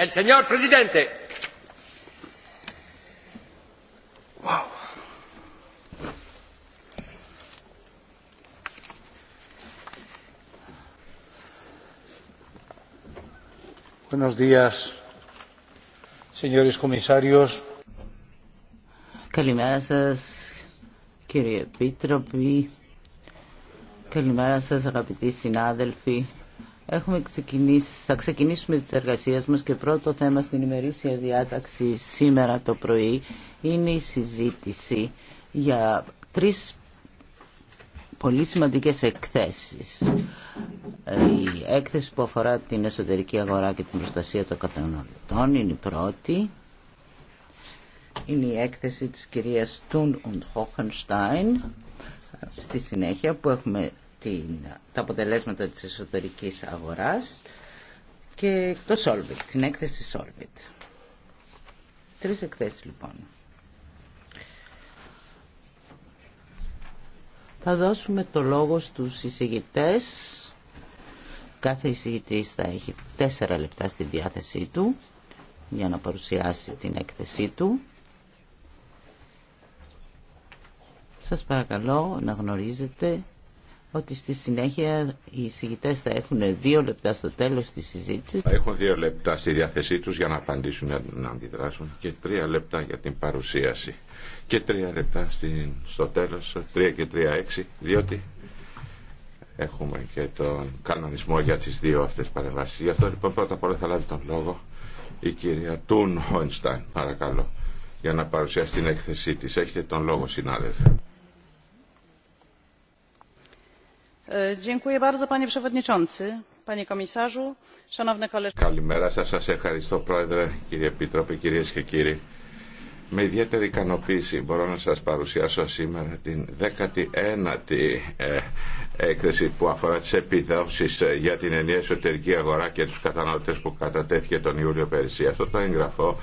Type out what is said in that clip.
Ε, señor presidente. Καλημέρα σα, κύριε Επίτροπη. Καλημέρα σας, αγαπητοί συνάδελφοι. Έχουμε ξεκινήσει, θα ξεκινήσουμε τις εργασίες μας και πρώτο θέμα στην ημερήσια διάταξη σήμερα το πρωί είναι η συζήτηση για τρεις πολύ σημαντικές εκθέσεις. Η έκθεση που αφορά την εσωτερική αγορά και την προστασία των καταναλωτών είναι η πρώτη. Είναι η έκθεση της κυρίας Τούν und Hohenstein στη συνέχεια που έχουμε την, τα αποτελέσματα της εσωτερικής αγοράς και το Solvit, την έκθεση Solvit. Τρεις εκθέσεις λοιπόν. Θα δώσουμε το λόγο στους εισηγητές. Κάθε εισηγητής θα έχει τέσσερα λεπτά στη διάθεσή του για να παρουσιάσει την έκθεσή του. Σας παρακαλώ να γνωρίζετε ότι στη συνέχεια οι εισηγητές θα έχουν δύο λεπτά στο τέλος της συζήτησης. Θα έχουν δύο λεπτά στη διάθεσή τους για να απαντήσουν, να αντιδράσουν και τρία λεπτά για την παρουσίαση. Και τρία λεπτά στην, στο τέλος, τρία και τρία έξι, διότι έχουμε και τον κανονισμό για τις δύο αυτές παρεμβάσεις. Γι' αυτό λοιπόν πρώτα απ' όλα θα λάβει τον λόγο η κυρία Τούν Χόινστάιν, παρακαλώ, για να παρουσιάσει την έκθεσή της. Έχετε τον λόγο συνάδελφε. Καλημέρα σας, ευχαριστώ Πρόεδρε, κύριε Επίτροπε, κυρίες και κύριοι. Με ιδιαίτερη ικανοποίηση μπορώ να σας παρουσιάσω σήμερα την 19η ε, έκθεση που αφορά τις επιδόσεις ε, για την ενιαία εσωτερική αγορά και τους καταναλωτές που κατατέθηκε τον Ιούλιο Περισσία. Αυτό το έγγραφο